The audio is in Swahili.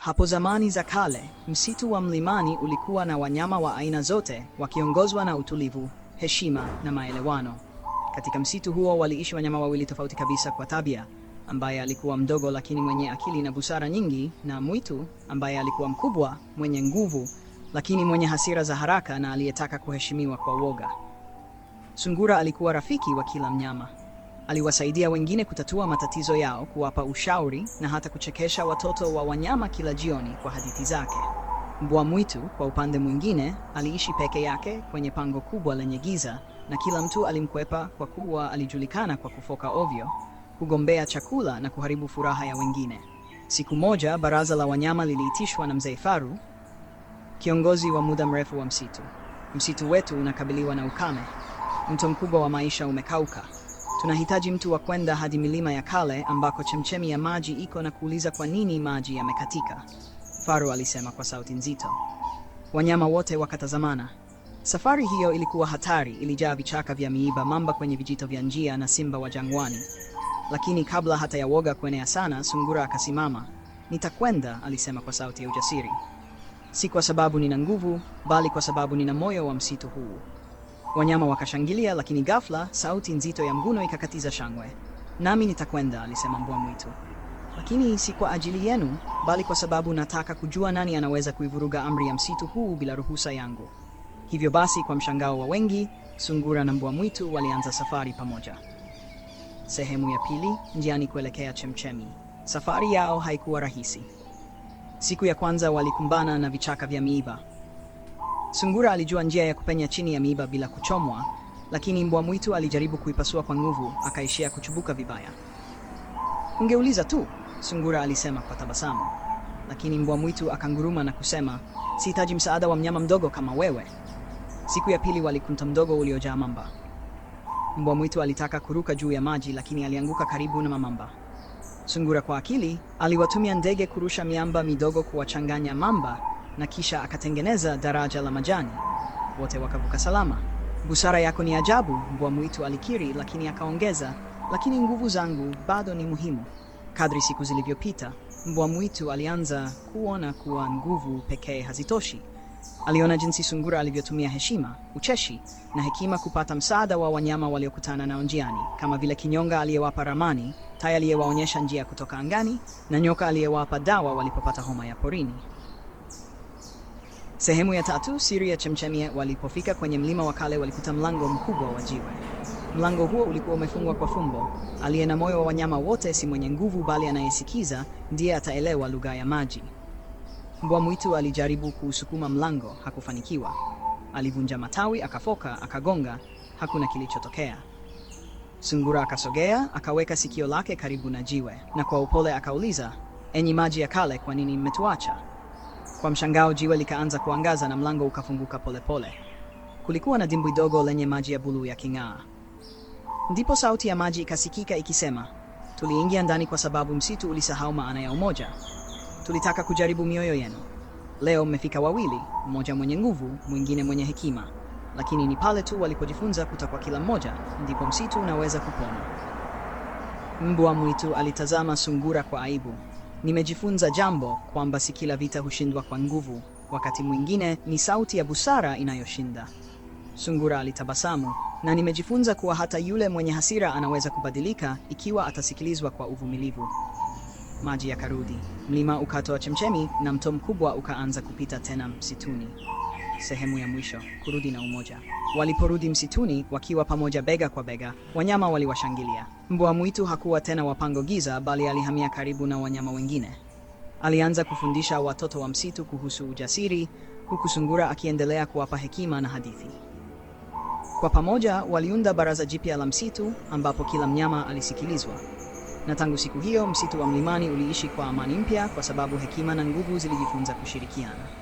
Hapo zamani za kale, msitu wa mlimani ulikuwa na wanyama wa aina zote wakiongozwa na utulivu, heshima na maelewano. Katika msitu huo waliishi wanyama wawili tofauti kabisa kwa tabia, ambaye alikuwa mdogo lakini mwenye akili na busara nyingi, na mwitu ambaye alikuwa mkubwa, mwenye nguvu, lakini mwenye hasira za haraka na aliyetaka kuheshimiwa kwa woga. Sungura alikuwa rafiki wa kila mnyama. Aliwasaidia wengine kutatua matatizo yao, kuwapa ushauri na hata kuchekesha watoto wa wanyama kila jioni kwa hadithi zake. Mbwa mwitu, kwa upande mwingine, aliishi peke yake kwenye pango kubwa lenye giza na kila mtu alimkwepa kwa kuwa alijulikana kwa kufoka ovyo, kugombea chakula na kuharibu furaha ya wengine. Siku moja, baraza la wanyama liliitishwa na Mzee Faru, kiongozi wa muda mrefu wa msitu. Msitu wetu unakabiliwa na ukame. Mto mkubwa wa maisha umekauka. Tunahitaji mtu wa kwenda hadi milima ya kale ambako chemchemi ya maji iko na kuuliza kwa nini maji yamekatika, Faro alisema kwa sauti nzito. Wanyama wote wakatazamana. Safari hiyo ilikuwa hatari, ilijaa vichaka vya miiba, mamba kwenye vijito vya njia na simba wa jangwani. Lakini kabla hata ya woga kuenea sana, Sungura akasimama. Nitakwenda, alisema kwa sauti ya ujasiri, si kwa sababu nina nguvu, bali kwa sababu nina moyo wa msitu huu. Wanyama wakashangilia, lakini ghafla sauti nzito ya mguno ikakatiza shangwe. Nami nitakwenda, alisema mbwa mwitu, lakini si kwa ajili yenu, bali kwa sababu nataka kujua nani anaweza kuivuruga amri ya msitu huu bila ruhusa yangu. Hivyo basi, kwa mshangao wa wengi, sungura na mbwa mwitu walianza safari pamoja. Sehemu ya pili: njiani kuelekea chemchemi. Safari yao haikuwa rahisi. Siku ya kwanza walikumbana na vichaka vya miiba Sungura alijua njia ya kupenya chini ya miiba bila kuchomwa, lakini mbwa mwitu alijaribu kuipasua kwa nguvu, akaishia kuchubuka vibaya. Ungeuliza tu, sungura alisema kwa tabasamu, lakini mbwa mwitu akanguruma na kusema, sihitaji msaada wa mnyama mdogo kama wewe. Siku ya pili walikunta mdogo uliojaa mamba. Mbwa mwitu alitaka kuruka juu ya maji, lakini alianguka karibu na mamba. Sungura kwa akili aliwatumia ndege kurusha miamba midogo kuwachanganya mamba na kisha akatengeneza daraja la majani. Wote wakavuka salama. Busara yako ni ajabu, mbwa mwitu alikiri, lakini akaongeza, lakini nguvu zangu bado ni muhimu. Kadri siku zilivyopita, mbwa mwitu alianza kuona kuwa nguvu pekee hazitoshi. Aliona jinsi sungura alivyotumia heshima, ucheshi na hekima kupata msaada wa wanyama waliokutana nao njiani, kama vile kinyonga aliyewapa ramani, tai aliyewaonyesha njia kutoka angani, na nyoka aliyewapa dawa walipopata homa ya porini. Sehemu ya tatu, siri ya chemchemia. Walipofika kwenye mlima wa kale, walikuta mlango mkubwa wa jiwe. Mlango huo ulikuwa umefungwa kwa fumbo. Aliye na moyo wa wanyama wote si mwenye nguvu, bali anayesikiza ndiye ataelewa lugha ya maji. Mbwa mwitu alijaribu kuusukuma mlango, hakufanikiwa. Alivunja matawi, akafoka, akagonga, hakuna kilichotokea. Sungura akasogea, akaweka sikio lake karibu na jiwe, na kwa upole akauliza, enyi maji ya kale, kwa nini mmetuacha? Kwa mshangao jiwe likaanza kuangaza na mlango ukafunguka polepole. Kulikuwa na dimbwi dogo lenye maji ya buluu yaking'aa. Ndipo sauti ya maji ikasikika ikisema, tuliingia ndani kwa sababu msitu ulisahau maana ya umoja. Tulitaka kujaribu mioyo yenu. Leo mmefika wawili, mmoja mwenye nguvu, mwingine mwenye hekima, lakini ni pale tu walipojifunza kutakwa kila mmoja ndipo msitu unaweza kupona. Mbwa mwitu alitazama sungura kwa aibu. Nimejifunza jambo kwamba si kila vita hushindwa kwa nguvu, wakati mwingine ni sauti ya busara inayoshinda. Sungura alitabasamu, na nimejifunza kuwa hata yule mwenye hasira anaweza kubadilika ikiwa atasikilizwa kwa uvumilivu. Maji yakarudi, mlima ukatoa chemchemi na mto mkubwa ukaanza kupita tena msituni sehemu ya mwisho, kurudi na umoja. Waliporudi msituni wakiwa pamoja bega kwa bega, wanyama waliwashangilia. Mbwa mwitu hakuwa tena wapango giza, bali alihamia karibu na wanyama wengine. Alianza kufundisha watoto wa msitu kuhusu ujasiri, huku sungura akiendelea kuwapa hekima na hadithi. Kwa pamoja waliunda baraza jipya la msitu ambapo kila mnyama alisikilizwa. Na tangu siku hiyo msitu wa Mlimani uliishi kwa amani mpya kwa sababu hekima na nguvu zilijifunza kushirikiana.